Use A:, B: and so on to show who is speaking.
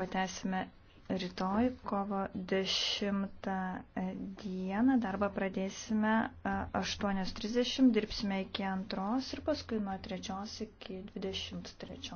A: Patesime rytoj, kovo 10 dieną. Darbą pradėsime 8.30, e, dirbsime iki 2 ir paskui nuo 3 iki 23.